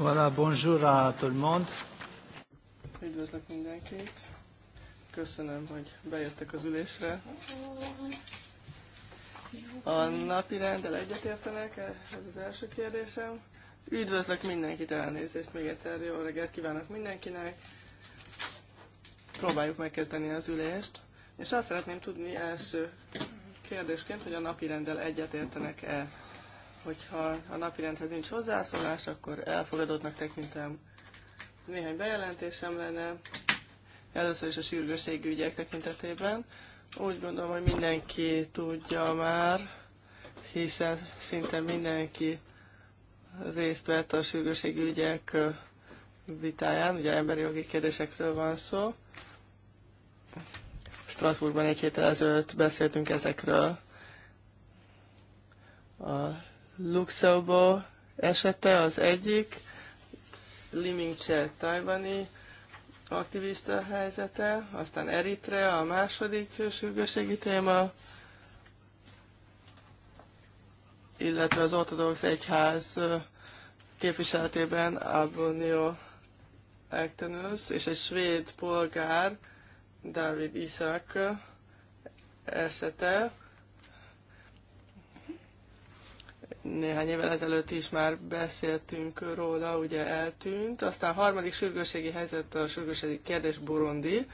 Voilà, bonjour à tout le monde. Üdvözlök mindenkit. Köszönöm, hogy bejöttek az ülésre. A napi rendel egyetértenek? Ez az első kérdésem. Üdvözlök mindenkit, elnézést még egyszer. Jó reggelt kívánok mindenkinek. Próbáljuk megkezdeni az ülést. És azt szeretném tudni első kérdésként, hogy a napi rendel egyetértenek-e Hogyha a rendhez nincs hozzászólás, akkor elfogadottnak tekintem. Néhány bejelentésem lenne. Először is a ügyek tekintetében. Úgy gondolom, hogy mindenki tudja már, hiszen szinte mindenki részt vett a ügyek vitáján, ugye emberi jogi kérdésekről van szó. Strasbourgban egy héttel ezelőtt beszéltünk ezekről. A Luxeubo esete az egyik, Liming Che tajvani aktivista helyzete, aztán Eritrea a második sürgősségi téma, illetve az ortodox egyház képviseletében Abonio Ektenus és egy svéd polgár, David Isaac esete, néhány évvel ezelőtt is már beszéltünk róla, ugye eltűnt. Aztán a harmadik sürgősségi helyzet, a sürgősségi kérdés Burundi.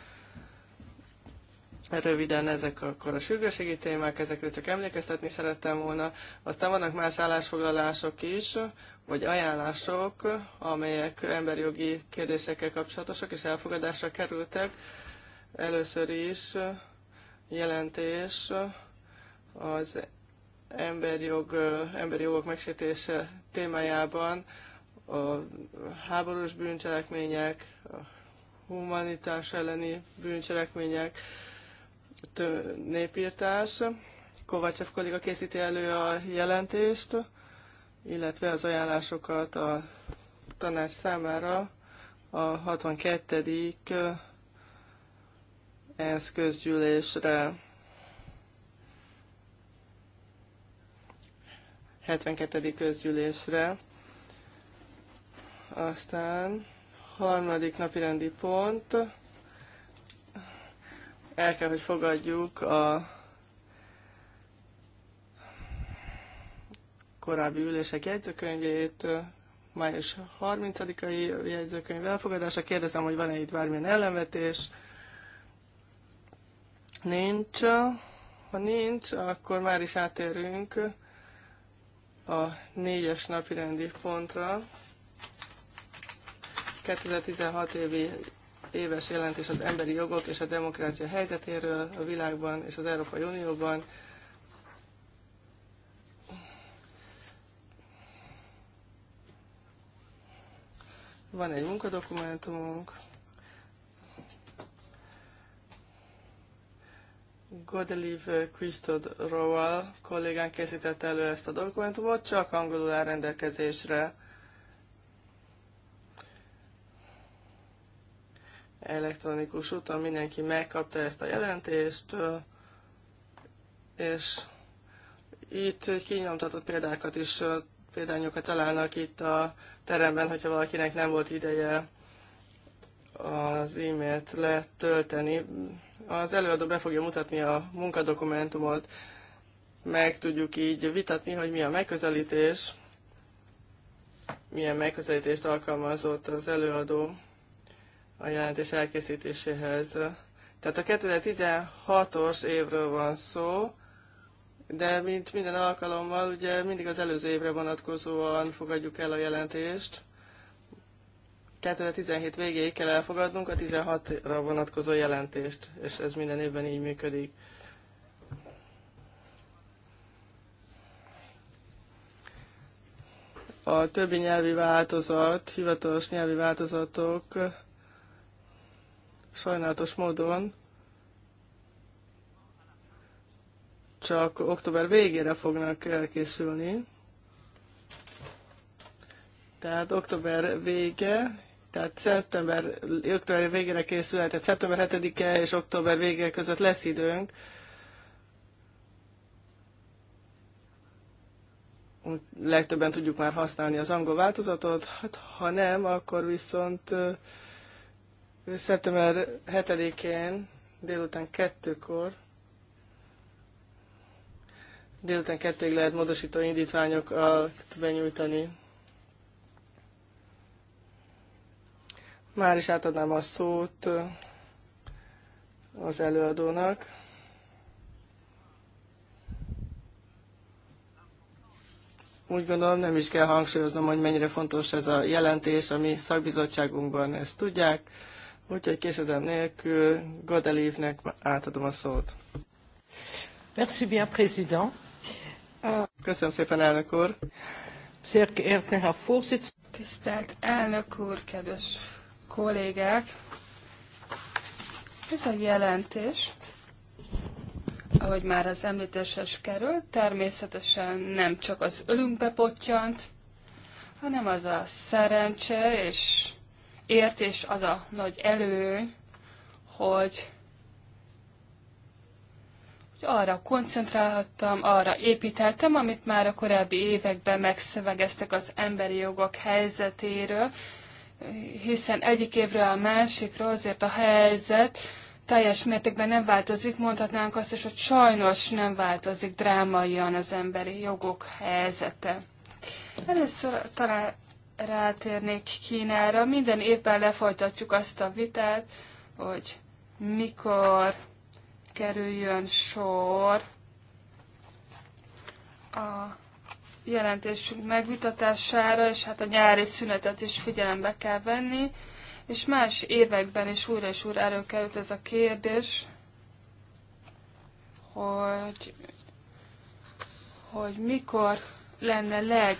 Röviden ezek akkor a sürgősségi témák, ezekre csak emlékeztetni szerettem volna. Aztán vannak más állásfoglalások is, vagy ajánlások, amelyek emberi jogi kérdésekkel kapcsolatosak és elfogadásra kerültek. Először is jelentés az emberjog, emberi jogok megsértése témájában a háborús bűncselekmények, a humanitás elleni bűncselekmények, népírtás. Kovácsev kolléga készíti elő a jelentést, illetve az ajánlásokat a tanács számára a 62. ENSZ közgyűlésre 72. közgyűlésre. Aztán harmadik napi rendi pont. El kell, hogy fogadjuk a korábbi ülések jegyzőkönyvét, május 30-ai jegyzőkönyv elfogadása. Kérdezem, hogy van-e itt bármilyen ellenvetés. Nincs. Ha nincs, akkor már is átérünk a négyes napi rendi pontra. 2016 évi éves jelentés az emberi jogok és a demokrácia helyzetéről a világban és az Európai Unióban. Van egy munkadokumentumunk. Godeliv eh, Christod Rowell kollégán készítette elő ezt a dokumentumot, csak angolul áll rendelkezésre. Elektronikus úton mindenki megkapta ezt a jelentést, eh, és itt kinyomtatott példákat is, eh, példányokat találnak itt a teremben, hogyha valakinek nem volt ideje az e-mailt tölteni. Az előadó be fogja mutatni a munkadokumentumot, meg tudjuk így vitatni, hogy mi a megközelítés, milyen megközelítést alkalmazott az előadó a jelentés elkészítéséhez. Tehát a 2016-os évről van szó, de mint minden alkalommal, ugye mindig az előző évre vonatkozóan fogadjuk el a jelentést, 2017 végéig kell elfogadnunk a 16-ra vonatkozó jelentést, és ez minden évben így működik. A többi nyelvi változat, hivatalos nyelvi változatok sajnálatos módon csak október végére fognak elkészülni. Tehát október vége, tehát szeptember, október végére tehát szeptember 7-e és október vége között lesz időnk. Legtöbben tudjuk már használni az angol változatot, hát, ha nem, akkor viszont szeptember 7-én délután kettőkor délután kettőig lehet módosító indítványokat benyújtani. Már is átadnám a szót az előadónak. Úgy gondolom nem is kell hangsúlyoznom, hogy mennyire fontos ez a jelentés, ami szakbizottságunkban ezt tudják. Úgyhogy készedem nélkül Godelívnek átadom a szót. Merci bien, président. Köszönöm szépen, elnök úr. Tisztelt elnök úr, kedves kollégák! Ez a jelentés, ahogy már az említéses került, természetesen nem csak az ölünkbe potyant, hanem az a szerencse és értés az a nagy előny, hogy hogy arra koncentrálhattam, arra építettem, amit már a korábbi években megszövegeztek az emberi jogok helyzetéről, hiszen egyik évről a másikra azért a helyzet teljes mértékben nem változik, mondhatnánk azt is, hogy sajnos nem változik drámaian az emberi jogok helyzete. Először talán rátérnék Kínára. Minden évben lefolytatjuk azt a vitát, hogy mikor kerüljön sor a jelentésünk megvitatására, és hát a nyári szünetet is figyelembe kell venni, és más években is újra és újra előkerült ez a kérdés, hogy, hogy mikor lenne leg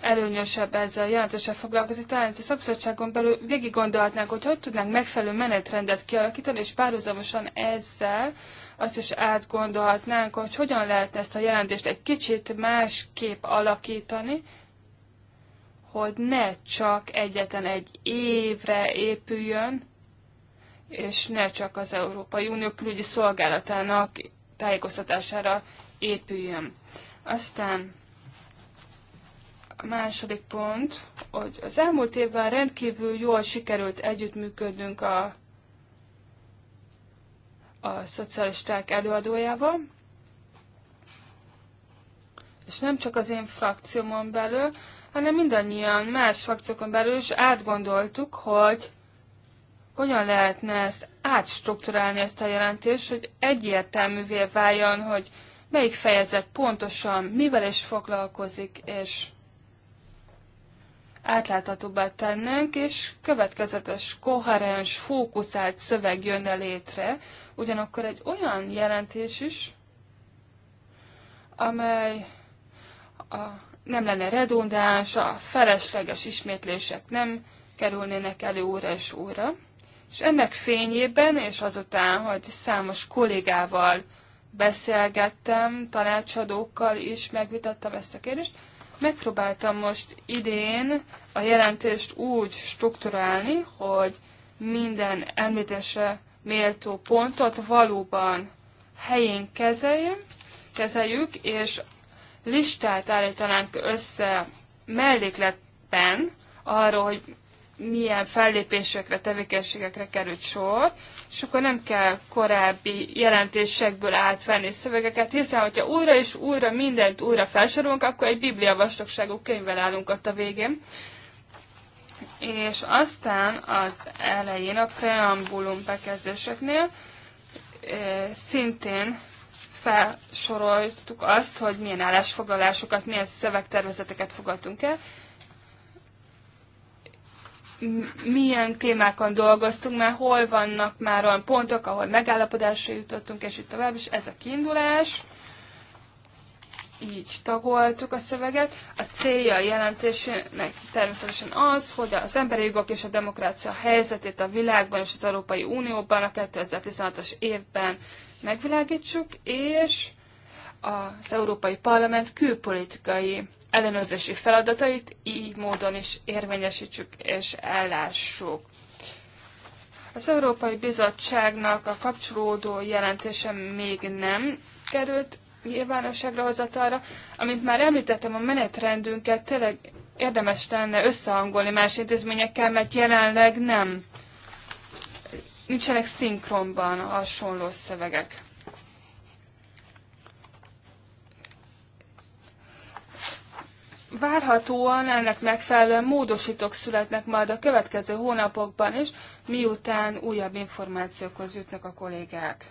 előnyösebb ezzel jelentősebb foglalkozni, talán a szakszottságon belül végig gondolhatnánk, hogy hogy tudnánk megfelelő menetrendet kialakítani, és párhuzamosan ezzel azt is átgondolhatnánk, hogy hogyan lehetne ezt a jelentést egy kicsit másképp alakítani, hogy ne csak egyetlen egy évre épüljön, és ne csak az Európai Unió külügyi szolgálatának tájékoztatására épüljön. Aztán a második pont, hogy az elmúlt évben rendkívül jól sikerült együttműködnünk a, a szocialisták előadójával, és nem csak az én frakciómon belül, hanem mindannyian más frakciókon belül is átgondoltuk, hogy hogyan lehetne ezt átstruktúrálni ezt a jelentést, hogy egyértelművé váljon, hogy melyik fejezet pontosan mivel is foglalkozik, és átláthatóbbá tennünk, és következetes, koherens, fókuszált szöveg jönne létre, ugyanakkor egy olyan jelentés is, amely a, nem lenne redundáns, a felesleges ismétlések nem kerülnének elő óra és óra. És ennek fényében, és azután, hogy számos kollégával beszélgettem, tanácsadókkal is megvitattam ezt a kérdést, Megpróbáltam most idén a jelentést úgy strukturálni, hogy minden említése méltó pontot valóban helyén kezeljük, kezeljük és listát állítanánk össze mellékletben arról, hogy milyen fellépésekre, tevékenységekre került sor, és akkor nem kell korábbi jelentésekből átvenni szövegeket, hiszen hogyha újra és újra mindent újra felsorolunk, akkor egy biblia vastagságú könyvvel állunk ott a végén. És aztán az elején a preambulum bekezdéseknél szintén felsoroltuk azt, hogy milyen állásfoglalásokat, milyen szövegtervezeteket fogadtunk el, milyen témákon dolgoztunk mert hol vannak már olyan pontok, ahol megállapodásra jutottunk, és itt tovább, és ez a kiindulás. Így tagoltuk a szöveget. A célja a jelentésének természetesen az, hogy az emberi jogok és a demokrácia helyzetét a világban és az Európai Unióban a 2016 as évben megvilágítsuk, és az Európai Parlament külpolitikai ellenőrzési feladatait így módon is érvényesítsük és ellássuk. Az Európai Bizottságnak a kapcsolódó jelentése még nem került nyilvánosságra hozatalra. Amint már említettem, a menetrendünket tényleg érdemes lenne összehangolni más intézményekkel, mert jelenleg nem nincsenek szinkronban hasonló szövegek. Várhatóan ennek megfelelően módosítók születnek majd a következő hónapokban is, miután újabb információkhoz jutnak a kollégák.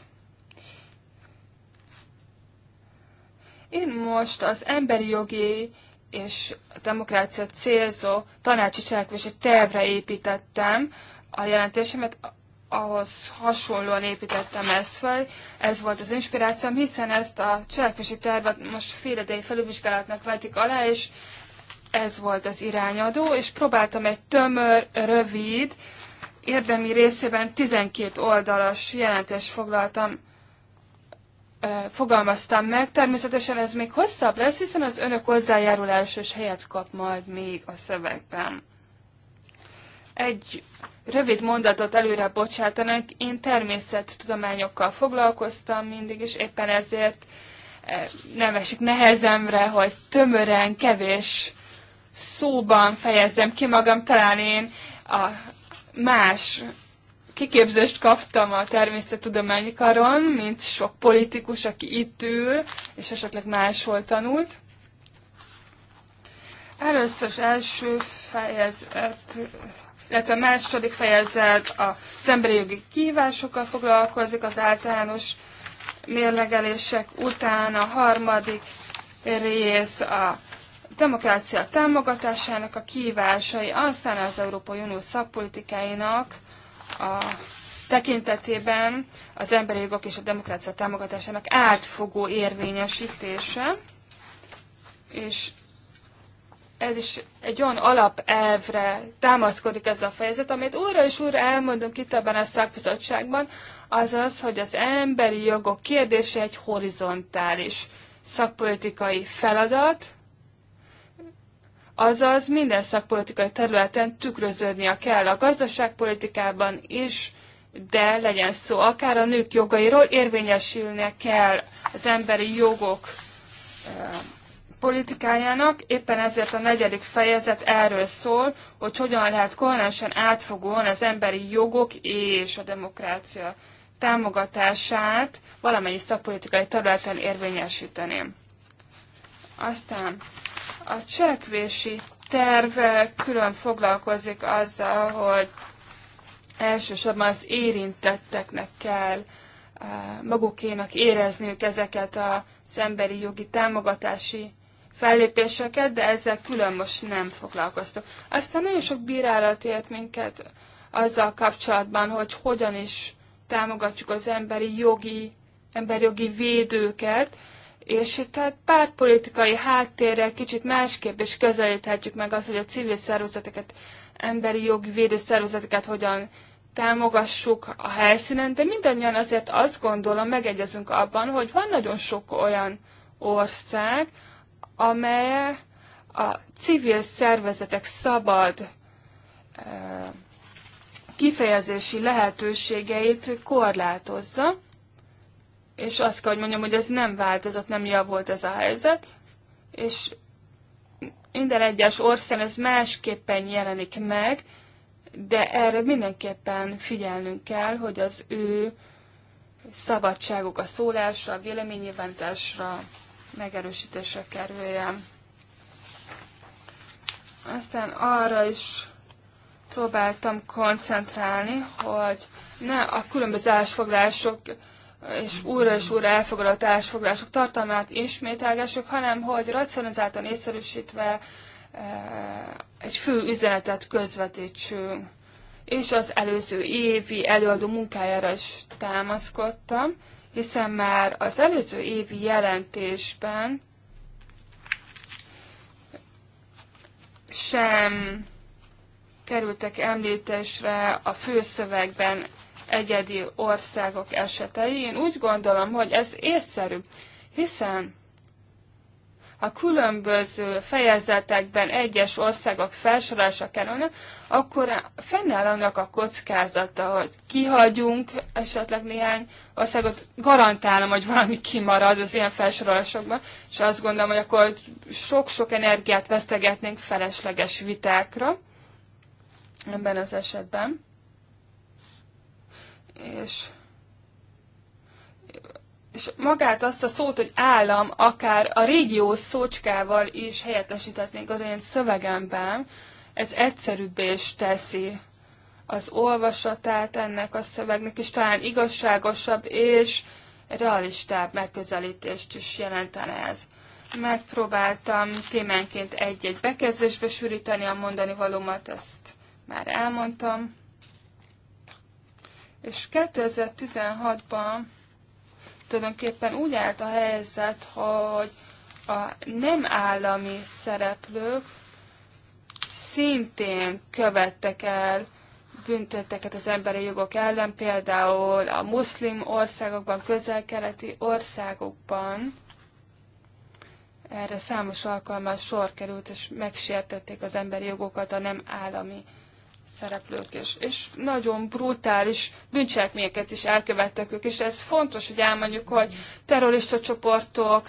Én most az emberi jogi és a demokrácia célzó tanácsi cselekvési tervre építettem a jelentésemet, ahhoz hasonlóan építettem ezt fel. Ez volt az inspirációm, hiszen ezt a cselekvési tervet most féledei felülvizsgálatnak vetik alá, és ez volt az irányadó, és próbáltam egy tömör, rövid, érdemi részében 12 oldalas jelentés foglaltam, fogalmaztam meg. Természetesen ez még hosszabb lesz, hiszen az önök hozzájárulásos helyet kap majd még a szövegben. Egy rövid mondatot előre bocsátanak. Én természettudományokkal foglalkoztam mindig, és éppen ezért eh, nem esik nehezemre, hogy tömören, kevés szóban fejezzem ki magam. Talán én a más kiképzést kaptam a természettudományi karon, mint sok politikus, aki itt ül, és esetleg máshol tanult. Először az első fejezet illetve a második fejezet a emberi jogi kívásokkal foglalkozik az általános mérlegelések után, a harmadik rész a demokrácia támogatásának a kívásai, aztán az Európai Unió szakpolitikáinak a tekintetében az emberi jogok és a demokrácia támogatásának átfogó érvényesítése, és ez is egy olyan alapelvre támaszkodik ez a fejezet, amit újra és újra elmondunk itt ebben a szakbizottságban, az az, hogy az emberi jogok kérdése egy horizontális szakpolitikai feladat, azaz minden szakpolitikai területen tükröződnie kell a gazdaságpolitikában is, de legyen szó akár a nők jogairól, érvényesülnie kell az emberi jogok politikájának, éppen ezért a negyedik fejezet erről szól, hogy hogyan lehet koherensen átfogóan az emberi jogok és a demokrácia támogatását valamennyi szakpolitikai területen érvényesíteni. Aztán a cselekvési terv külön foglalkozik azzal, hogy elsősorban az érintetteknek kell eh, magukénak érezniük ezeket az emberi jogi támogatási fellépéseket, de ezzel külön most nem foglalkoztuk. Aztán nagyon sok bírálat élt minket azzal kapcsolatban, hogy hogyan is támogatjuk az emberi jogi, emberi jogi védőket, és tehát pártpolitikai háttérrel kicsit másképp is közelíthetjük meg azt, hogy a civil szervezeteket, emberi jogi védőszervezeteket hogyan támogassuk a helyszínen, de mindannyian azért azt gondolom, megegyezünk abban, hogy van nagyon sok olyan ország, amely a civil szervezetek szabad e, kifejezési lehetőségeit korlátozza, és azt kell, hogy mondjam, hogy ez nem változott, nem javult ez a helyzet, és minden egyes ország ez másképpen jelenik meg, de erre mindenképpen figyelnünk kell, hogy az ő szabadságuk a szólásra, a véleménynyilvánításra, megerősítésre kerüljen. Aztán arra is próbáltam koncentrálni, hogy ne a különböző állásfoglások és újra és újra elfogadott állásfoglások tartalmát ismételgessük, hanem hogy racionalizáltan észszerűsítve eh, egy fő üzenetet közvetítsünk. És az előző évi előadó munkájára is támaszkodtam, hiszen már az előző évi jelentésben sem kerültek említésre a főszövegben egyedi országok esetei. Én úgy gondolom, hogy ez észszerű, hiszen a különböző fejezetekben egyes országok felsorolása kerülnek, akkor fennáll annak a kockázata, hogy kihagyunk esetleg néhány országot, garantálom, hogy valami kimarad az ilyen felsorolásokban, és azt gondolom, hogy akkor sok-sok energiát vesztegetnénk felesleges vitákra ebben az esetben. És és magát azt a szót, hogy állam, akár a régió szócskával is helyettesíthetnénk az én szövegemben, ez egyszerűbbé is teszi az olvasatát ennek a szövegnek, és talán igazságosabb és realistább megközelítést is jelentene ez. Megpróbáltam témánként egy-egy bekezdésbe sűríteni a mondani valómat, ezt már elmondtam. És 2016-ban tulajdonképpen úgy állt a helyzet, hogy a nem állami szereplők szintén követtek el büntetteket az emberi jogok ellen, például a muszlim országokban, közel-keleti országokban. Erre számos alkalommal sor került, és megsértették az emberi jogokat a nem állami szereplők is. És nagyon brutális bűncselekményeket is elkövettek ők, és ez fontos, hogy elmondjuk, hogy terrorista csoportok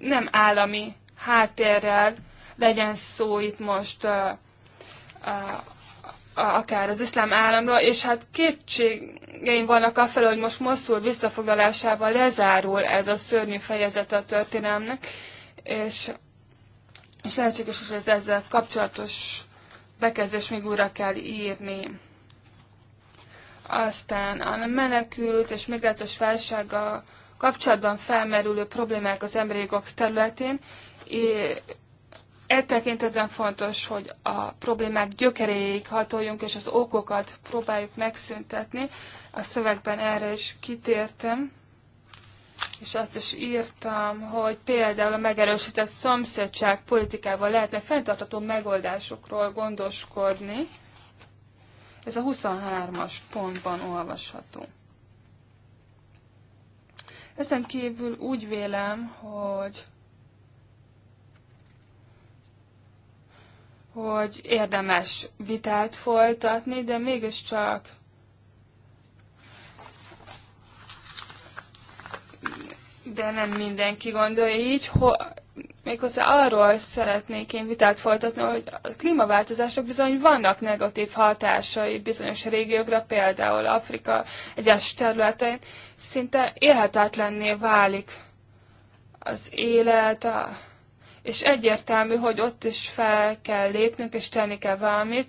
nem állami háttérrel legyen szó itt most a, a, akár az iszlám államról, és hát kétségeim vannak felől, hogy most Moszul visszafoglalásával lezárul ez a szörnyű fejezet a történelmnek, és, és lehetséges, hogy ez ezzel kapcsolatos bekezdés még újra kell írni. Aztán a menekült és migrációs válsága kapcsolatban felmerülő problémák az emberi jogok területén. E tekintetben fontos, hogy a problémák gyökeréig hatoljunk, és az okokat próbáljuk megszüntetni. A szövegben erre is kitértem és azt is írtam, hogy például a megerősített szomszédság politikával lehetne fenntartató megoldásokról gondoskodni. Ez a 23-as pontban olvasható. Ezen kívül úgy vélem, hogy hogy érdemes vitát folytatni, de mégiscsak de nem mindenki gondolja így, hogy méghozzá arról szeretnék én vitát folytatni, hogy a klímaváltozások bizony vannak negatív hatásai bizonyos régiókra, például Afrika egyes területein, szinte élhetetlenné válik az élet, a, és egyértelmű, hogy ott is fel kell lépnünk, és tenni kell valamit,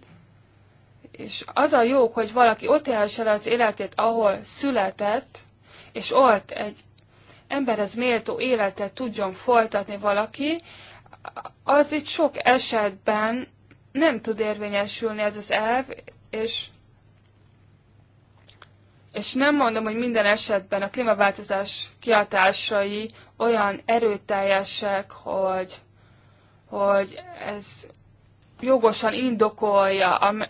és az a jó, hogy valaki ott élhesse le az életét, ahol született, és ott egy ember az méltó életet tudjon folytatni valaki, az itt sok esetben nem tud érvényesülni ez az elv, és, és nem mondom, hogy minden esetben a klímaváltozás kiatásai olyan erőteljesek, hogy, hogy ez jogosan indokolja a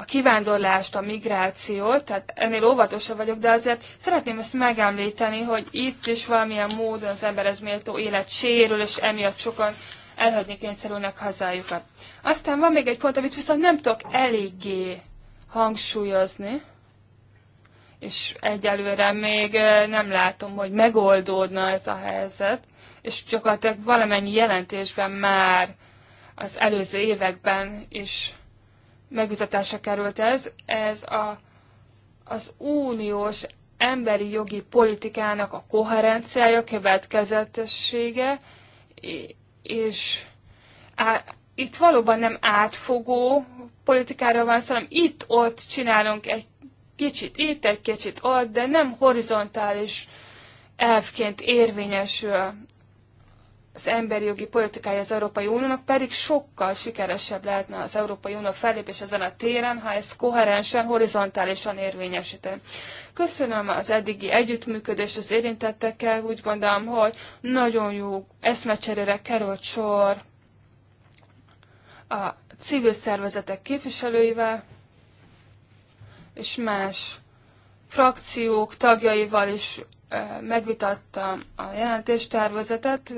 a kivándorlást, a migrációt, tehát ennél óvatosabb vagyok, de azért szeretném ezt megemlíteni, hogy itt is valamilyen módon az ez méltó élet sérül, és emiatt sokan elhagyni kényszerülnek hazájukat. Aztán van még egy pont, amit viszont nem tudok eléggé hangsúlyozni, és egyelőre még nem látom, hogy megoldódna ez a helyzet, és gyakorlatilag valamennyi jelentésben már az előző években is megvitatásra került ez. Ez a, az uniós emberi jogi politikának a koherenciája, következetessége, és á, itt valóban nem átfogó politikára van szó, hanem itt-ott csinálunk egy kicsit itt, egy kicsit ott, de nem horizontális elvként érvényesül az emberi jogi politikája az Európai Uniónak, pedig sokkal sikeresebb lehetne az Európai Unió fellépés ezen a téren, ha ezt koherensen, horizontálisan érvényesíteni. Köszönöm az eddigi együttműködést az érintettekkel, úgy gondolom, hogy nagyon jó eszmecserére került sor a civil szervezetek képviselőivel, és más frakciók tagjaival is eh, megvitattam a jelentéstervezetet,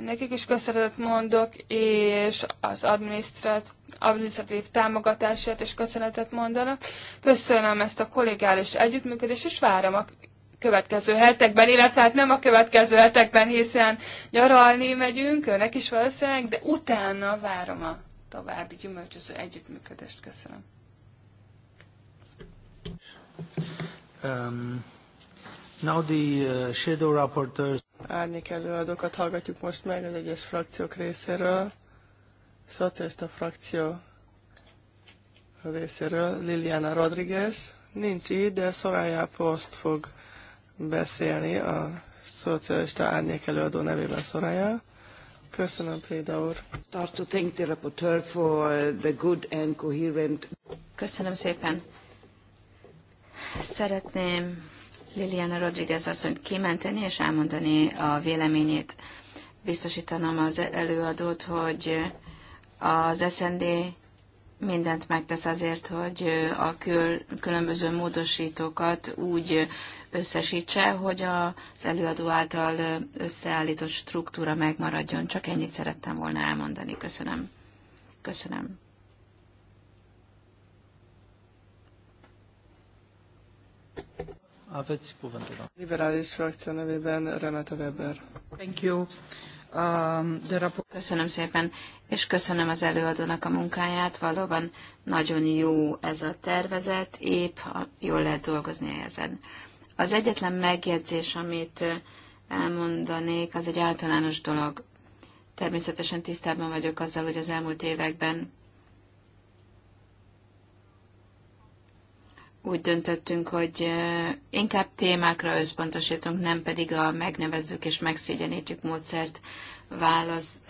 Nekik is köszönetet mondok, és az adminisztratív támogatását is köszönetet mondanak. Köszönöm ezt a kollégális együttműködést, és várom a következő hetekben, illetve hát nem a következő hetekben, hiszen nyaralni megyünk, önnek is valószínűleg, de utána várom a további gyümölcsöző együttműködést. Köszönöm. Um, Now the uh, shadow rapporteurs. Árnyék előadókat hallgatjuk most meg az egyes frakciók részéről. Szocialista frakció részéről Liliana Rodriguez. Nincs itt, de Soraya Post fog beszélni a szocialista árnyék előadó nevében Soraya. Köszönöm, Préda úr. Start to thank the rapporteur for the good and coherent... Köszönöm szépen. Szeretném Liliana Rodriguez asszonyt kimenteni és elmondani a véleményét. Biztosítanom az előadót, hogy az SND mindent megtesz azért, hogy a kül, különböző módosítókat úgy összesítse, hogy az előadó által összeállított struktúra megmaradjon. Csak ennyit szerettem volna elmondani. Köszönöm. Köszönöm. Aveți cuvântul. Liberális Renata Weber. Thank you. Um, köszönöm szépen, és köszönöm az előadónak a munkáját. Valóban nagyon jó ez a tervezet, épp jól lehet dolgozni ezen. Az egyetlen megjegyzés, amit elmondanék, az egy általános dolog. Természetesen tisztában vagyok azzal, hogy az elmúlt években úgy döntöttünk, hogy inkább témákra összpontosítunk, nem pedig a megnevezzük és megszégyenítjük módszert válasz,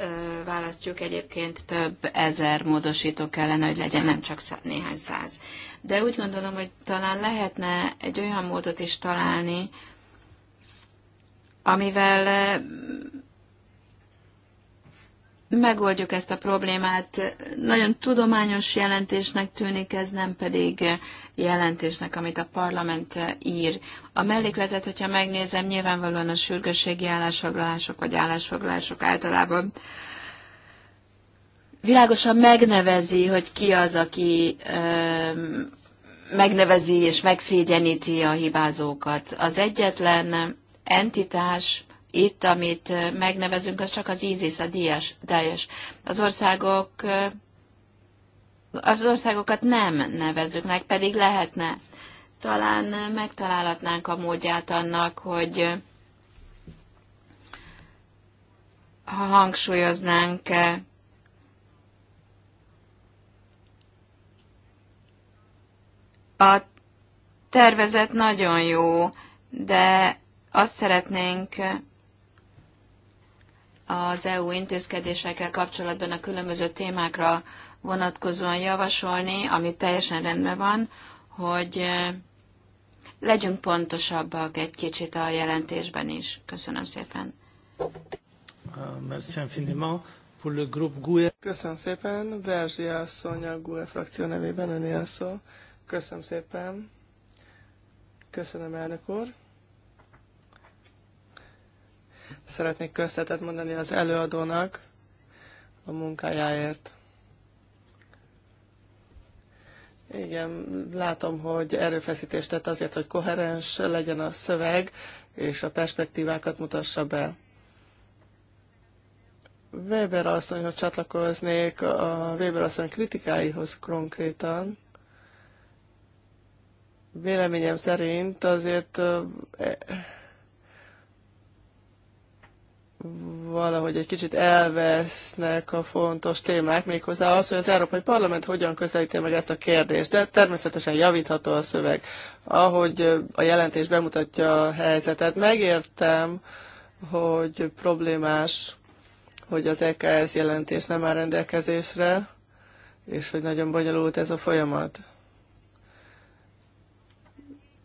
választjuk. Egyébként több ezer módosító kellene, hogy legyen, nem csak néhány száz. De úgy gondolom, hogy talán lehetne egy olyan módot is találni, amivel megoldjuk ezt a problémát. Nagyon tudományos jelentésnek tűnik ez, nem pedig jelentésnek, amit a parlament ír. A mellékletet, hogyha megnézem, nyilvánvalóan a sürgősségi állásfoglalások vagy állásfoglalások általában világosan megnevezi, hogy ki az, aki ö, megnevezi és megszégyeníti a hibázókat. Az egyetlen entitás, itt, amit megnevezünk, az csak az ISIS, a Daesh. Az országok az országokat nem nevezzük meg, pedig lehetne. Talán megtalálhatnánk a módját annak, hogy ha hangsúlyoznánk a tervezet nagyon jó, de azt szeretnénk az EU intézkedésekkel kapcsolatban a különböző témákra vonatkozóan javasolni, ami teljesen rendben van, hogy legyünk pontosabbak egy kicsit a jelentésben is. Köszönöm szépen. Uh, merci infiniment. E. Köszönöm szépen. Berzsi asszony a GUE frakció nevében öné szó. Köszönöm szépen. Köszönöm, elnök úr. Szeretnék köszönetet mondani az előadónak a munkájáért. Igen, látom, hogy erőfeszítést tett azért, hogy koherens legyen a szöveg, és a perspektívákat mutassa be. Weber asszonyhoz csatlakoznék, a Weber asszony kritikáihoz konkrétan. Véleményem szerint azért e, valahogy egy kicsit elvesznek a fontos témák, méghozzá az, hogy az Európai Parlament hogyan közelíti meg ezt a kérdést, de természetesen javítható a szöveg. Ahogy a jelentés bemutatja a helyzetet, megértem, hogy problémás, hogy az EKS jelentés nem áll rendelkezésre, és hogy nagyon bonyolult ez a folyamat.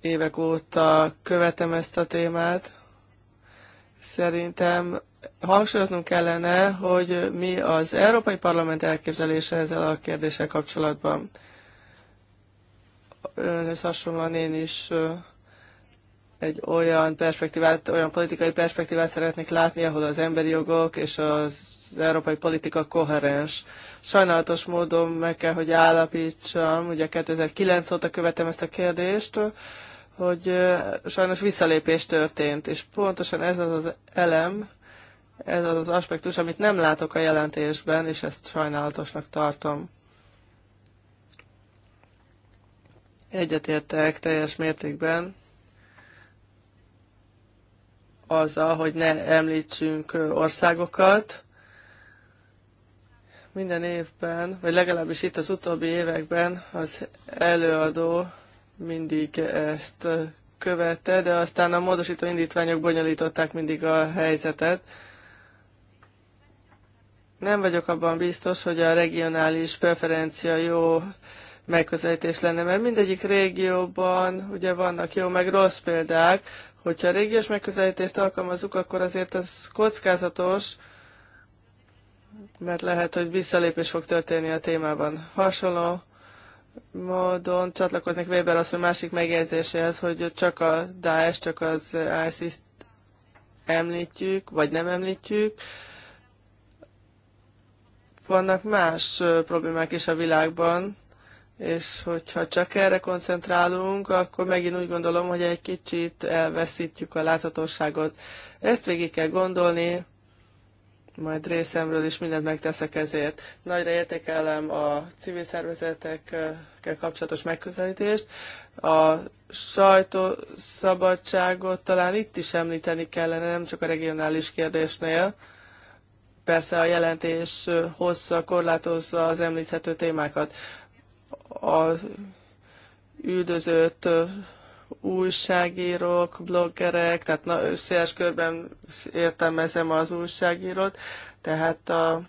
Évek óta követem ezt a témát, szerintem hangsúlyoznunk kellene, hogy mi az Európai Parlament elképzelése ezzel a kérdéssel kapcsolatban. Önhöz hasonlóan én is egy olyan perspektívát, olyan politikai perspektívát szeretnék látni, ahol az emberi jogok és az európai politika koherens. Sajnálatos módon meg kell, hogy állapítsam, ugye 2009 óta követem ezt a kérdést, hogy sajnos visszalépés történt, és pontosan ez az az elem, ez az az aspektus, amit nem látok a jelentésben, és ezt sajnálatosnak tartom. Egyetértek teljes mértékben azzal, hogy ne említsünk országokat, minden évben, vagy legalábbis itt az utóbbi években az előadó mindig ezt követte, de aztán a módosító indítványok bonyolították mindig a helyzetet, nem vagyok abban biztos, hogy a regionális preferencia jó megközelítés lenne, mert mindegyik régióban ugye vannak jó meg rossz példák, hogyha a régiós megközelítést alkalmazzuk, akkor azért az kockázatos, mert lehet, hogy visszalépés fog történni a témában. Hasonló módon csatlakoznék Weber hogy másik megjegyzéséhez, hogy csak a Daesh, csak az ISIS említjük, vagy nem említjük, vannak más problémák is a világban, és hogyha csak erre koncentrálunk, akkor megint úgy gondolom, hogy egy kicsit elveszítjük a láthatóságot. Ezt végig kell gondolni, majd részemről is mindent megteszek ezért. Nagyra értékelem a civil szervezetekkel kapcsolatos megközelítést. A sajtószabadságot talán itt is említeni kellene, nem csak a regionális kérdésnél. Persze a jelentés hossza korlátozza az említhető témákat. A üldözött újságírók, bloggerek, tehát na, széles körben értelmezem az újságírót, tehát a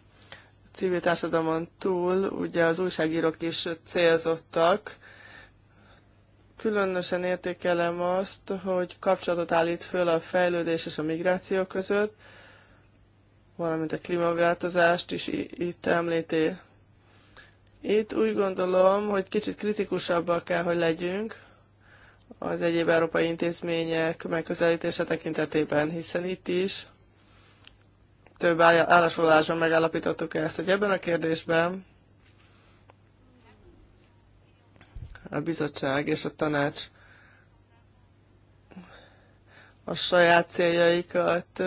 civil társadalmon túl ugye az újságírók is célzottak. Különösen értékelem azt, hogy kapcsolatot állít föl a fejlődés és a migráció között, valamint a klímaváltozást is itt említi. Itt úgy gondolom, hogy kicsit kritikusabbak kell, hogy legyünk az egyéb európai intézmények megközelítése tekintetében, hiszen itt is több állásfoglaláson megállapítottuk ezt, hogy ebben a kérdésben a bizottság és a tanács a saját céljaikat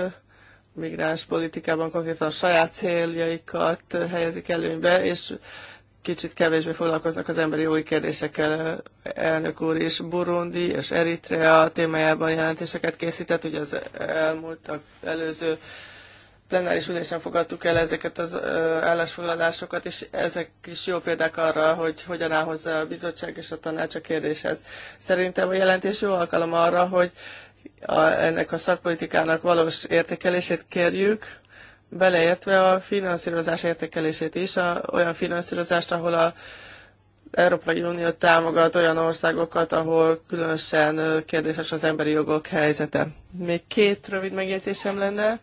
migráns politikában konkrétan a saját céljaikat helyezik előnybe, és kicsit kevésbé foglalkoznak az emberi jogi kérdésekkel. Elnök úr is Burundi és Eritrea témájában jelentéseket készített, ugye az elmúlt, a előző plenáris ülésen fogadtuk el ezeket az állásfoglalásokat, és ezek is jó példák arra, hogy hogyan áll hozzá a bizottság és a tanács a kérdéshez. Szerintem a jelentés jó alkalom arra, hogy a, ennek a szakpolitikának valós értékelését kérjük, beleértve a finanszírozás értékelését is, a, olyan finanszírozást, ahol a Európai Unió támogat olyan országokat, ahol különösen kérdéses az emberi jogok helyzete. Még két rövid megjegyzésem lenne.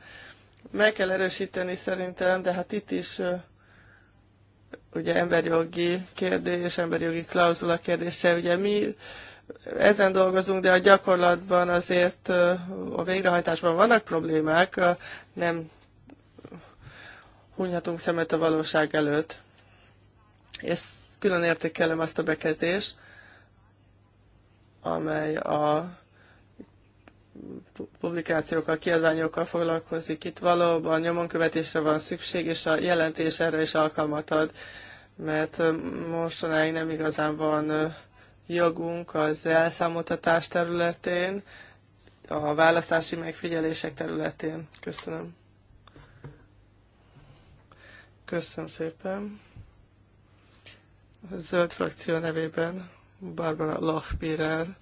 Meg kell erősíteni szerintem, de hát itt is ugye emberjogi kérdés, emberjogi klauzula kérdése. Ugye mi ezen dolgozunk, de a gyakorlatban azért a végrehajtásban vannak problémák, nem hunyhatunk szemet a valóság előtt. És külön értékelem azt a bekezdést, amely a publikációkkal, kiadványokkal foglalkozik. Itt valóban nyomonkövetésre van szükség, és a jelentés erre is alkalmat ad, mert mostanáig nem igazán van jogunk az elszámoltatás területén, a választási megfigyelések területén. Köszönöm. Köszönöm szépen. A zöld frakció nevében Barbara Lachbirer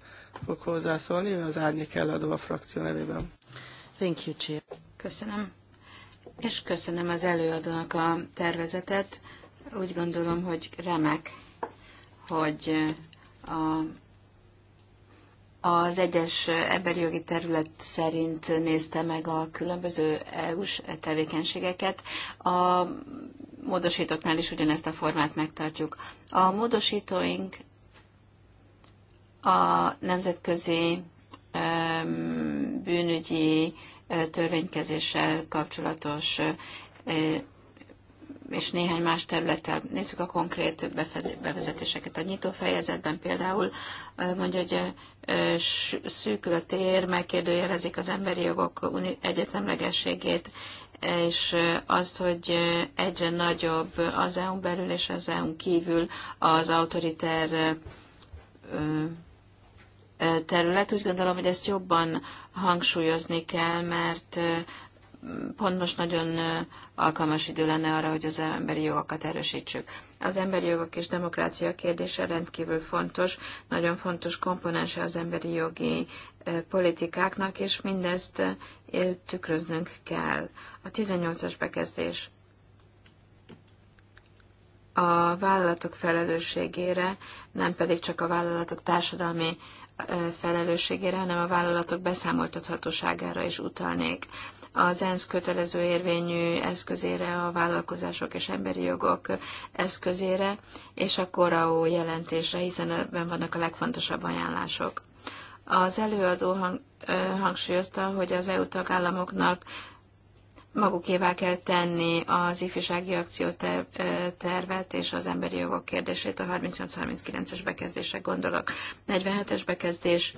fog hozzászólni, az árnyék eladó a frakció nevében. Thank you, Chair. Köszönöm. És köszönöm az előadónak a tervezetet. Úgy gondolom, hogy remek, hogy a, az egyes emberi jogi terület szerint nézte meg a különböző EU-s tevékenységeket. A módosítóknál is ugyanezt a formát megtartjuk. A módosítóink a nemzetközi bűnügyi törvénykezéssel kapcsolatos és néhány más területtel. Nézzük a konkrét bevezetéseket. A nyitó fejezetben például mondja, hogy szűkül a tér, megkérdőjelezik az emberi jogok egyetemlegességét, és azt, hogy egyre nagyobb az EU-n belül és az EU-n kívül az autoriter terület. Úgy gondolom, hogy ezt jobban hangsúlyozni kell, mert pont most nagyon alkalmas idő lenne arra, hogy az emberi jogokat erősítsük. Az emberi jogok és demokrácia kérdése rendkívül fontos, nagyon fontos komponense az emberi jogi politikáknak, és mindezt tükröznünk kell. A 18-as bekezdés a vállalatok felelősségére, nem pedig csak a vállalatok társadalmi felelősségére, hanem a vállalatok beszámoltathatóságára is utalnék az ENSZ kötelező érvényű eszközére, a vállalkozások és emberi jogok eszközére, és a Korao jelentésre, hiszen ebben vannak a legfontosabb ajánlások. Az előadó hang, hangsúlyozta, hogy az EU tagállamoknak magukévá kell tenni az ifjúsági akciótervet és az emberi jogok kérdését a 38-39-es bekezdésre gondolok. 47-es bekezdés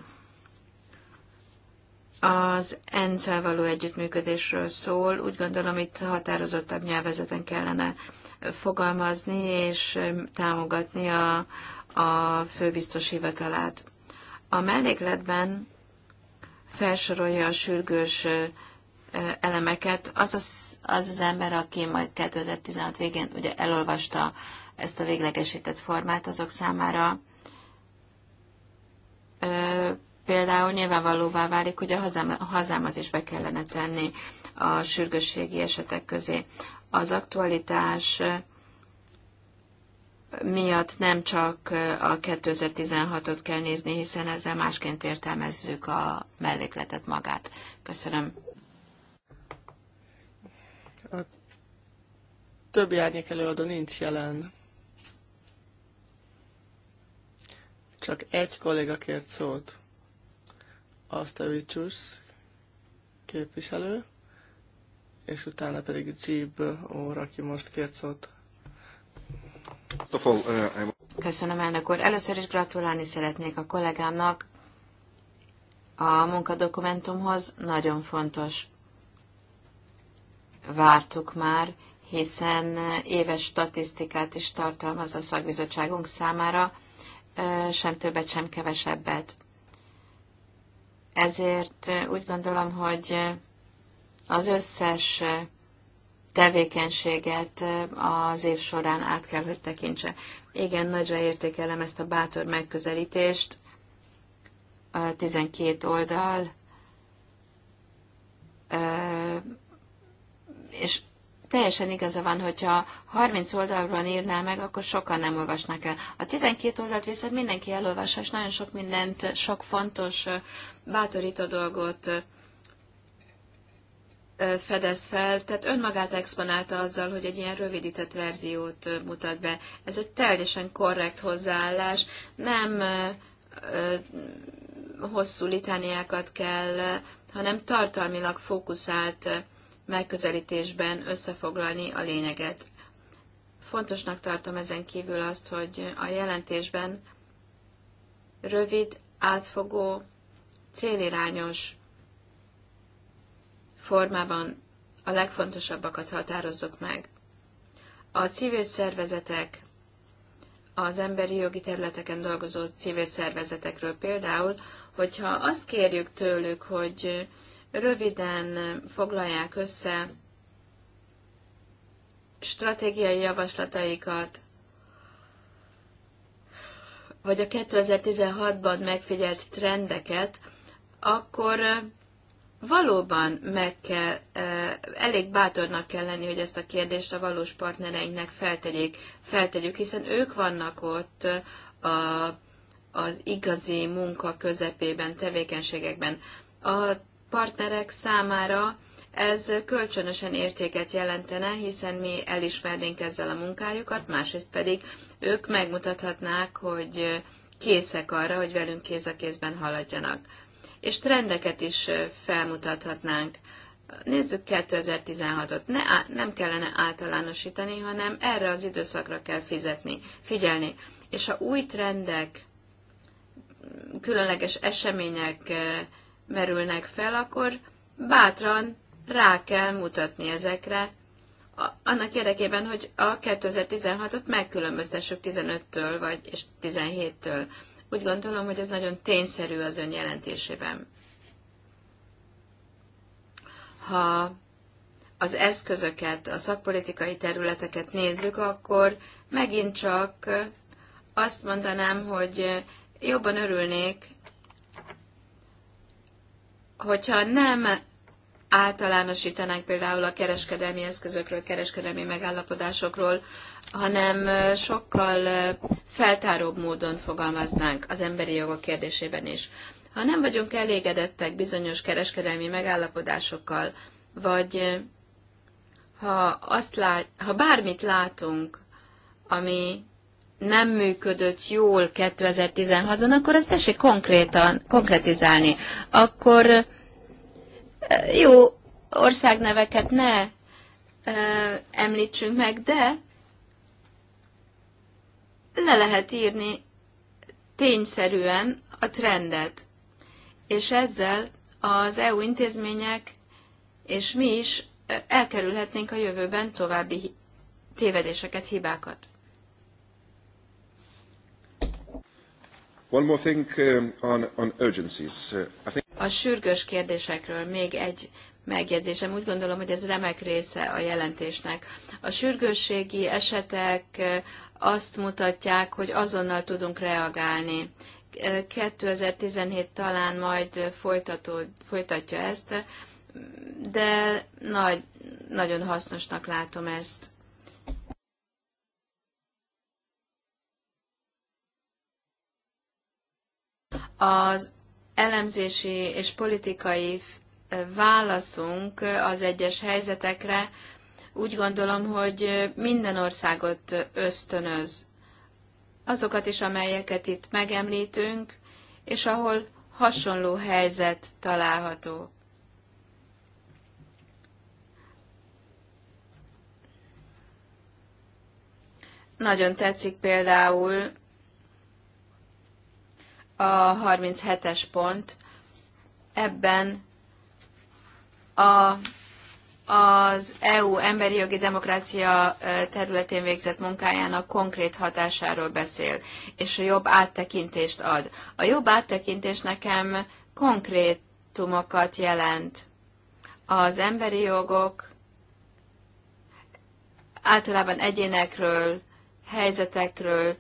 az ensz való együttműködésről szól. Úgy gondolom, itt határozottabb nyelvezeten kellene fogalmazni és támogatni a, a főbiztos hivatalát. A mellékletben felsorolja a sürgős elemeket. Az az, az az ember, aki majd 2016 végén ugye elolvasta ezt a véglegesített formát, azok számára például nyilvánvalóvá válik, hogy a hazám, hazámat is be kellene tenni a sürgősségi esetek közé. Az aktualitás miatt nem csak a 2016-ot kell nézni, hiszen ezzel másként értelmezzük a mellékletet magát. Köszönöm. A többi árnyék előadó nincs jelen. Csak egy kolléga kért szót. Asterichus képviselő, és utána pedig Jeep úr, aki most kért szót. Köszönöm, elnök úr. Először is gratulálni szeretnék a kollégámnak a munkadokumentumhoz. Nagyon fontos. Vártuk már, hiszen éves statisztikát is tartalmaz a szakbizottságunk számára, sem többet, sem kevesebbet. Ezért úgy gondolom, hogy az összes tevékenységet az év során át kell, hogy tekintse. Igen, nagyra értékelem ezt a bátor megközelítést. A 12 oldal, és teljesen igaza van, hogyha 30 oldalról írná meg, akkor sokan nem olvasnak el. A 12 oldalt viszont mindenki elolvassa, és nagyon sok mindent, sok fontos, bátorító dolgot fedez fel, tehát önmagát exponálta azzal, hogy egy ilyen rövidített verziót mutat be. Ez egy teljesen korrekt hozzáállás, nem hosszú litániákat kell, hanem tartalmilag fókuszált megközelítésben összefoglalni a lényeget. Fontosnak tartom ezen kívül azt, hogy a jelentésben rövid, átfogó, célirányos formában a legfontosabbakat határozzuk meg. A civil szervezetek, az emberi jogi területeken dolgozó civil szervezetekről például, hogyha azt kérjük tőlük, hogy röviden foglalják össze stratégiai javaslataikat, vagy a 2016-ban megfigyelt trendeket, akkor valóban meg kell, elég bátornak kell lenni, hogy ezt a kérdést a valós partnereinknek feltegyék, feltegyük, hiszen ők vannak ott a, az igazi munka közepében, tevékenységekben. A partnerek számára ez kölcsönösen értéket jelentene, hiszen mi elismernénk ezzel a munkájukat, másrészt pedig ők megmutathatnák, hogy készek arra, hogy velünk kéz a kézben haladjanak. És trendeket is felmutathatnánk. Nézzük 2016-ot. Ne, nem kellene általánosítani, hanem erre az időszakra kell fizetni, figyelni. És ha új trendek, különleges események merülnek fel, akkor bátran rá kell mutatni ezekre, annak érdekében, hogy a 2016-ot megkülönböztessük 15-től vagy és 17-től. Úgy gondolom, hogy ez nagyon tényszerű az ön jelentésében. Ha az eszközöket, a szakpolitikai területeket nézzük, akkor megint csak azt mondanám, hogy jobban örülnék hogyha nem általánosítanánk például a kereskedelmi eszközökről, kereskedelmi megállapodásokról, hanem sokkal feltáróbb módon fogalmaznánk az emberi jogok kérdésében is. Ha nem vagyunk elégedettek bizonyos kereskedelmi megállapodásokkal, vagy ha, azt lát, ha bármit látunk, ami nem működött jól 2016-ban, akkor ezt tessék konkrétan, konkretizálni. Akkor jó országneveket ne említsünk meg, de le lehet írni tényszerűen a trendet. És ezzel az EU intézmények és mi is elkerülhetnénk a jövőben további tévedéseket, hibákat. One more thing um, on, on urgencies. Uh, I think... A sürgős kérdésekről még egy megjegyzésem. Úgy gondolom, hogy ez remek része a jelentésnek. A sürgősségi esetek uh, azt mutatják, hogy azonnal tudunk reagálni. 2017 uh, talán majd folytatja ezt, de nagy, nagyon hasznosnak látom ezt. az elemzési és politikai válaszunk az egyes helyzetekre úgy gondolom, hogy minden országot ösztönöz. Azokat is, amelyeket itt megemlítünk, és ahol hasonló helyzet található. Nagyon tetszik például a 37-es pont. Ebben a, az EU emberi jogi demokrácia területén végzett munkájának konkrét hatásáról beszél, és a jobb áttekintést ad. A jobb áttekintés nekem konkrétumokat jelent. Az emberi jogok általában egyénekről, helyzetekről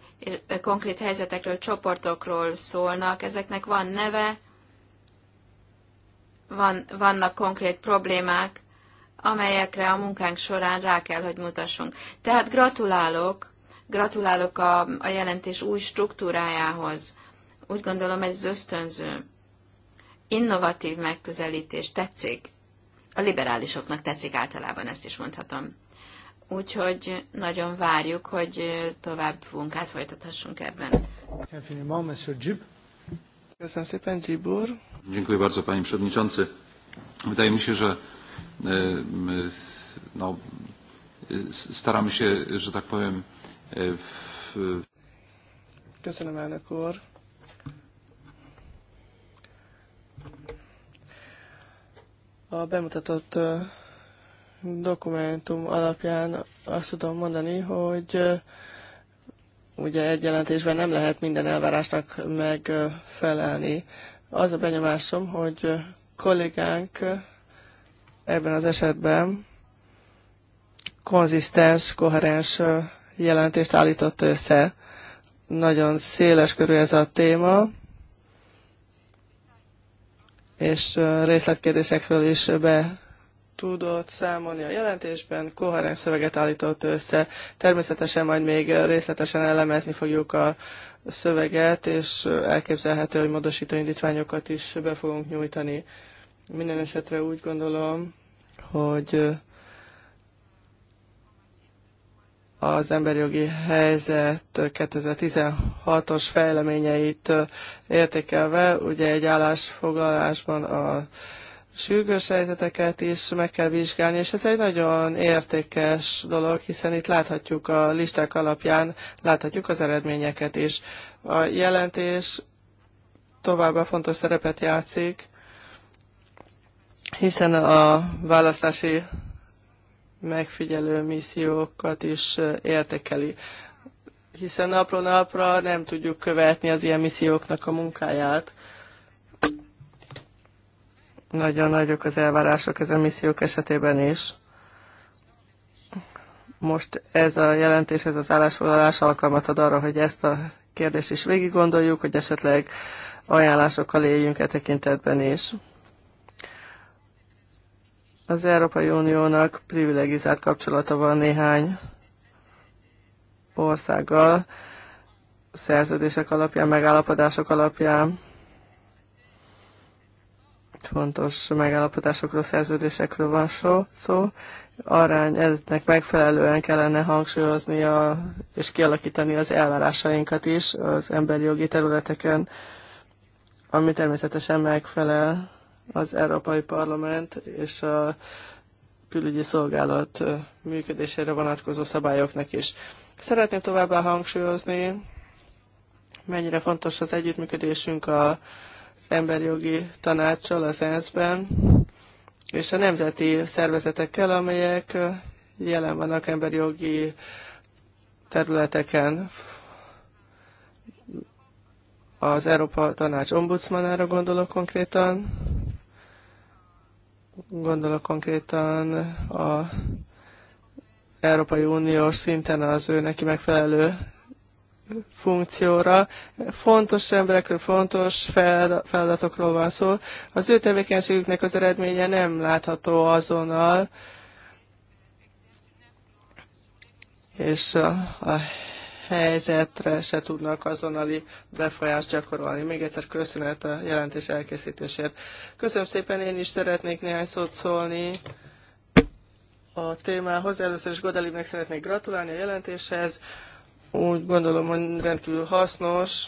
konkrét helyzetekről, csoportokról szólnak. Ezeknek van neve, van, vannak konkrét problémák, amelyekre a munkánk során rá kell, hogy mutassunk. Tehát gratulálok, gratulálok a, a jelentés új struktúrájához. Úgy gondolom, ez ösztönző. Innovatív megközelítés tetszik. A liberálisoknak tetszik általában, ezt is mondhatom. Úgyhogy nagyon várjuk, hogy tovább munkát folytathassunk ebben. Köszönöm szépen, Gibor. Dziękuję bardzo, panie przewodniczący. Wydaje mi się, że e, no, staramy się, że tak powiem... E, w... Köszönöm, elnök úr. A bemutatott e, dokumentum alapján azt tudom mondani, hogy ugye egy jelentésben nem lehet minden elvárásnak megfelelni. Az a benyomásom, hogy kollégánk ebben az esetben konzisztens, koherens jelentést állított össze. Nagyon széles körül ez a téma, és részletkérdésekről is be tudott számolni a jelentésben, koherens szöveget állított össze. Természetesen majd még részletesen elemezni fogjuk a szöveget, és elképzelhető, hogy módosító indítványokat is be fogunk nyújtani. Minden esetre úgy gondolom, hogy az emberjogi helyzet 2016-os fejleményeit értékelve, ugye egy állásfoglalásban a sürgős helyzeteket is meg kell vizsgálni, és ez egy nagyon értékes dolog, hiszen itt láthatjuk a listák alapján, láthatjuk az eredményeket is. A jelentés továbbá fontos szerepet játszik, hiszen a választási megfigyelő missziókat is értékeli. Hiszen napról napra nem tudjuk követni az ilyen misszióknak a munkáját. Nagyon nagyok az elvárások az emissziók esetében is. Most ez a jelentés, ez az állásfoglalás alkalmat ad arra, hogy ezt a kérdést is végig gondoljuk, hogy esetleg ajánlásokkal éljünk e tekintetben is. Az Európai Uniónak privilegizált kapcsolata van néhány országgal, szerződések alapján, megállapodások alapján fontos megállapodásokról, szerződésekről van szó, szó. arány eznek megfelelően kellene hangsúlyozni a, és kialakítani az elvárásainkat is az emberi jogi területeken, ami természetesen megfelel az Európai Parlament és a külügyi szolgálat működésére vonatkozó szabályoknak is. Szeretném továbbá hangsúlyozni, mennyire fontos az együttműködésünk a emberjogi tanácssal az ENSZ-ben, és a nemzeti szervezetekkel, amelyek jelen vannak emberjogi területeken. Az Európa Tanács ombudsmanára gondolok konkrétan, gondolok konkrétan a Európai Uniós szinten az ő neki megfelelő funkcióra. Fontos emberekről, fontos feladatokról van szó. Az ő tevékenységüknek az eredménye nem látható azonnal, és a helyzetre se tudnak azonnali befolyást gyakorolni. Még egyszer köszönet a jelentés elkészítésért. Köszönöm szépen, én is szeretnék néhány szót szólni a témához. Először is Godalibnek szeretnék gratulálni a jelentéshez úgy gondolom, hogy rendkívül hasznos,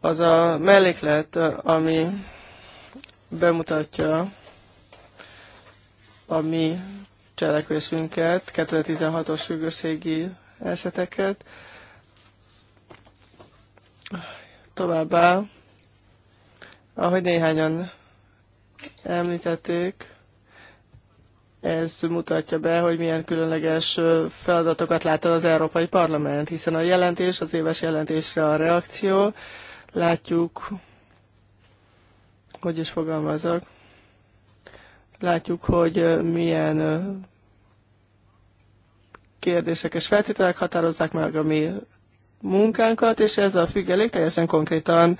az a melléklet, ami bemutatja a mi cselekvésünket, 2016-os sürgősségi eseteket. Továbbá, ahogy néhányan említették, ez mutatja be, hogy milyen különleges feladatokat lát el az Európai Parlament, hiszen a jelentés, az éves jelentésre a reakció, látjuk, hogy is fogalmazok, látjuk, hogy milyen kérdések és feltételek határozzák meg a mi munkánkat, és ez a függelék teljesen konkrétan,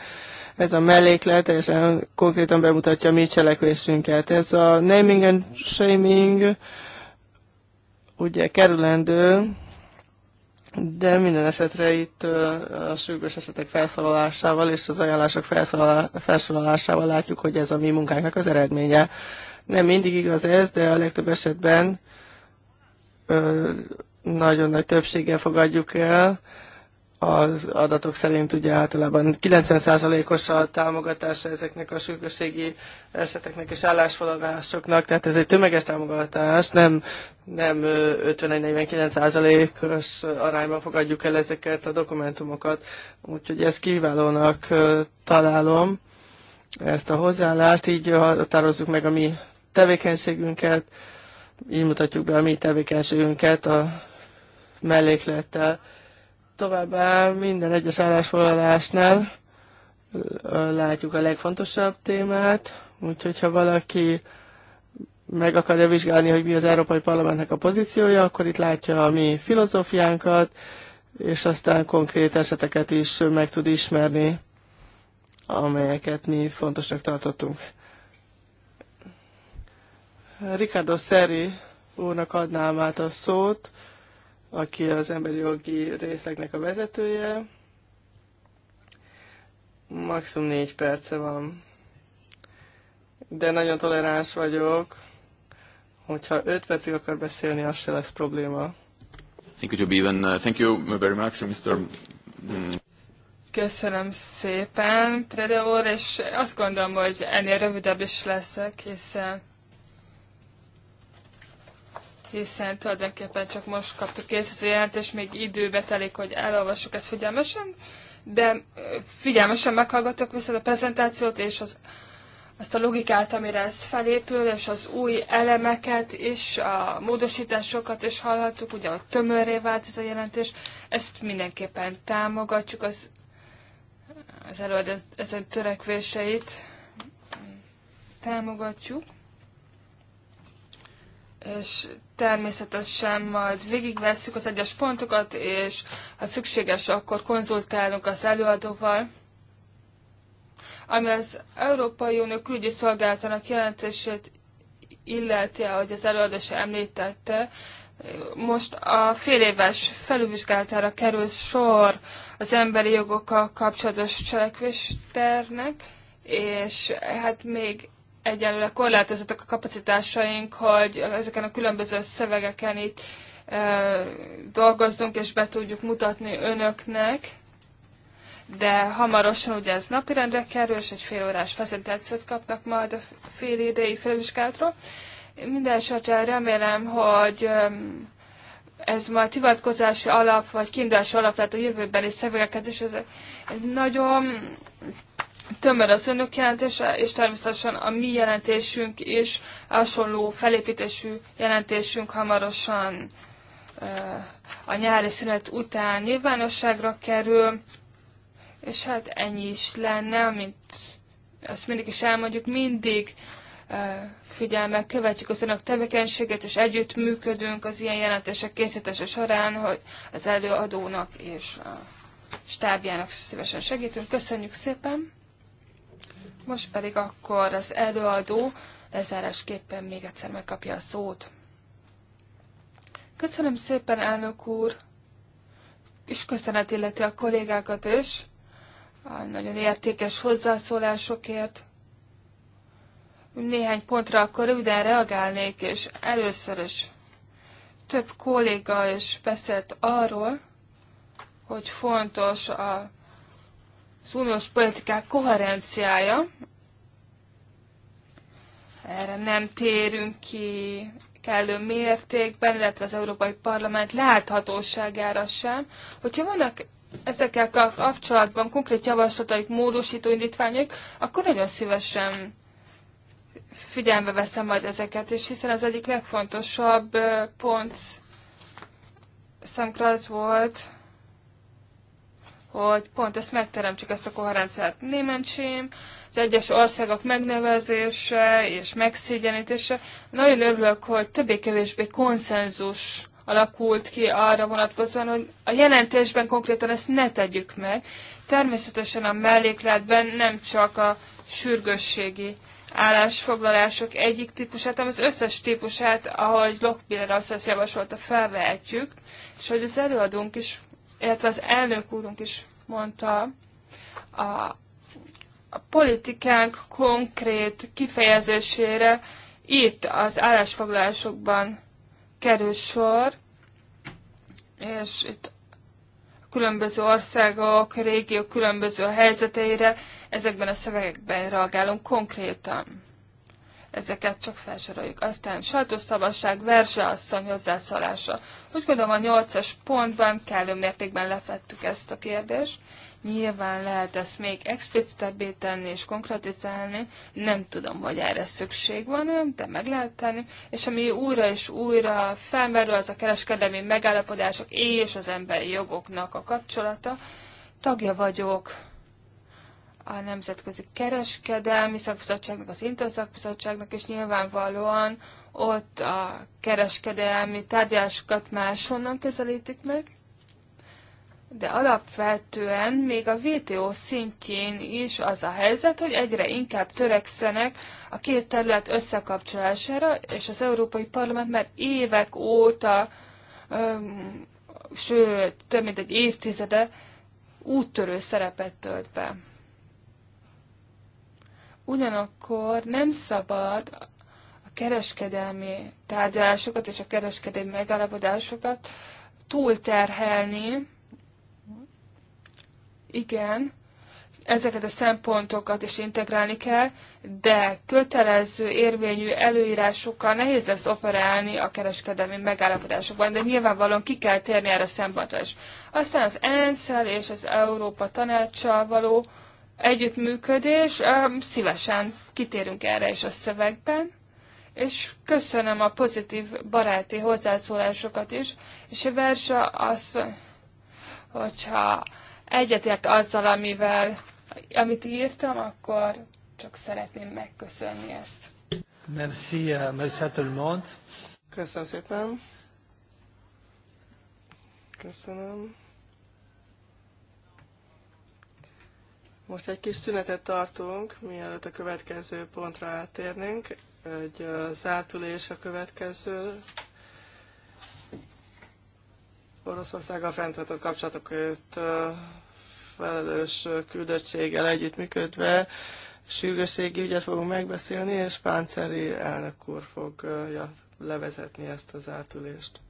ez a melléklet teljesen konkrétan bemutatja mi cselekvésünket. Ez a naming and shaming ugye kerülendő, de minden esetre itt a sürgős esetek felszólalásával és az ajánlások felszólalásával látjuk, hogy ez a mi munkánknak az eredménye. Nem mindig igaz ez, de a legtöbb esetben nagyon nagy többséggel fogadjuk el az adatok szerint ugye általában 90%-os a támogatása ezeknek a sürgősségi eseteknek és állásfoglalásoknak, tehát ez egy tömeges támogatás, nem, nem 51-49%-os arányban fogadjuk el ezeket a dokumentumokat, úgyhogy ezt kiválónak találom, ezt a hozzáállást, így határozzuk meg a mi tevékenységünket, így mutatjuk be a mi tevékenységünket a melléklettel, Továbbá minden egyes állásfoglalásnál látjuk a legfontosabb témát, úgyhogy ha valaki meg akarja vizsgálni, hogy mi az Európai Parlamentnek a pozíciója, akkor itt látja a mi filozófiánkat, és aztán konkrét eseteket is meg tud ismerni, amelyeket mi fontosnak tartottunk. Ricardo Seri úrnak adnám át a szót, aki az emberi jogi részlegnek a vezetője. Maximum négy perce van. De nagyon toleráns vagyok. Hogyha öt percig akar beszélni, az se lesz probléma. Thank you, uh, Thank you very much, Mr. Mm. Köszönöm szépen, predeor és azt gondolom, hogy ennél rövidebb is leszek, hiszen hiszen tulajdonképpen csak most kaptuk kész a jelentést, még időbe telik, hogy elolvassuk ezt figyelmesen, de figyelmesen meghallgatok viszont a prezentációt, és az, azt a logikát, amire ez felépül, és az új elemeket és a módosításokat is hallhattuk, ugye a tömörré vált ez a jelentés, ezt mindenképpen támogatjuk az, az előadás ezen törekvéseit támogatjuk és természetesen majd végigvesszük az egyes pontokat, és ha szükséges, akkor konzultálunk az előadóval. Ami az Európai Unió külügyi szolgálatának jelentését illeti, ahogy az előadó említette, most a fél éves felülvizsgálatára kerül sor az emberi jogokkal kapcsolatos cselekvésternek, és hát még egyelőre korlátozottak a kapacitásaink, hogy ezeken a különböző szövegeken itt e, dolgozzunk és be tudjuk mutatni önöknek, de hamarosan ugye ez napirendre kerül, és egy fél órás prezentációt kapnak majd a fél idei felvizsgálatról. Minden esetre remélem, hogy ez majd hivatkozási alap, vagy kiindulási alap lehet a jövőbeli szövegeket, és ez egy nagyon tömör az önök jelentése, és természetesen a mi jelentésünk is, hasonló felépítésű jelentésünk hamarosan a nyári szünet után nyilvánosságra kerül, és hát ennyi is lenne, mint azt mindig is elmondjuk, mindig figyelmel követjük az önök tevékenységet, és együtt működünk az ilyen jelentések készítése során, hogy az előadónak és a stábjának szívesen segítünk. Köszönjük szépen! Most pedig akkor az előadó lezárásképpen még egyszer megkapja a szót. Köszönöm szépen, elnök úr, és köszönet illeti a kollégákat is, a nagyon értékes hozzászólásokért. Néhány pontra akkor röviden reagálnék, és először is több kolléga is beszélt arról, hogy fontos a az uniós politikák koherenciája. Erre nem térünk ki kellő mértékben, illetve az Európai Parlament láthatóságára sem. Hogyha vannak ezekkel kapcsolatban konkrét javaslataik, módosító indítványok, akkor nagyon szívesen figyelme veszem majd ezeket, és hiszen az egyik legfontosabb pont számkra az volt, hogy pont ezt megteremtsük, ezt a koherenciát némentsém, az egyes országok megnevezése és megszégyenítése. Nagyon örülök, hogy többé-kevésbé konszenzus alakult ki arra vonatkozóan, hogy a jelentésben konkrétan ezt ne tegyük meg. Természetesen a mellékletben nem csak a sürgősségi állásfoglalások egyik típusát, hanem az összes típusát, ahogy Lockbiller azt javasolta, felvehetjük, és hogy az előadónk is illetve az elnök úrunk is mondta, a, a politikánk konkrét kifejezésére itt az állásfoglalásokban kerül sor, és itt a különböző országok, régiók különböző helyzeteire ezekben a szövegekben reagálunk konkrétan ezeket csak felsoroljuk. Aztán sajtószabadság, Verzse asszony hozzászólása. Úgy gondolom a nyolcas pontban kellő mértékben lefettük ezt a kérdést. Nyilván lehet ezt még explicitebbé tenni és konkretizálni, nem tudom, hogy erre szükség van, de meg lehet tenni. És ami újra és újra felmerül, az a kereskedelmi megállapodások és az emberi jogoknak a kapcsolata. Tagja vagyok a Nemzetközi Kereskedelmi Szakbizottságnak, az Interszakbizottságnak, és nyilvánvalóan ott a kereskedelmi tárgyalásokat máshonnan kezelítik meg, de alapvetően még a WTO szintjén is az a helyzet, hogy egyre inkább törekszenek a két terület összekapcsolására, és az Európai Parlament már évek óta, öm, sőt, több mint egy évtizede úttörő szerepet tölt be. Ugyanakkor nem szabad a kereskedelmi tárgyalásokat és a kereskedelmi megállapodásokat túlterhelni. Igen, ezeket a szempontokat is integrálni kell, de kötelező érvényű előírásokkal nehéz lesz operálni a kereskedelmi megállapodásokban, de nyilvánvalóan ki kell térni erre szempontra is. Aztán az ensz és az Európa Tanácssal való együttműködés. Szívesen kitérünk erre is a szövegben, és köszönöm a pozitív baráti hozzászólásokat is, és a verse az, hogyha egyetért azzal, amivel, amit írtam, akkor csak szeretném megköszönni ezt. Merci, euh, merci à tout le monde. Köszönöm szépen. Köszönöm. Most egy kis szünetet tartunk, mielőtt a következő pontra átérnénk. Egy zártulés a következő. Oroszországgal fenntartott őt felelős küldöttséggel együttműködve sürgősségi ügyet fogunk megbeszélni, és Pánceri elnök úr fogja levezetni ezt az átülést.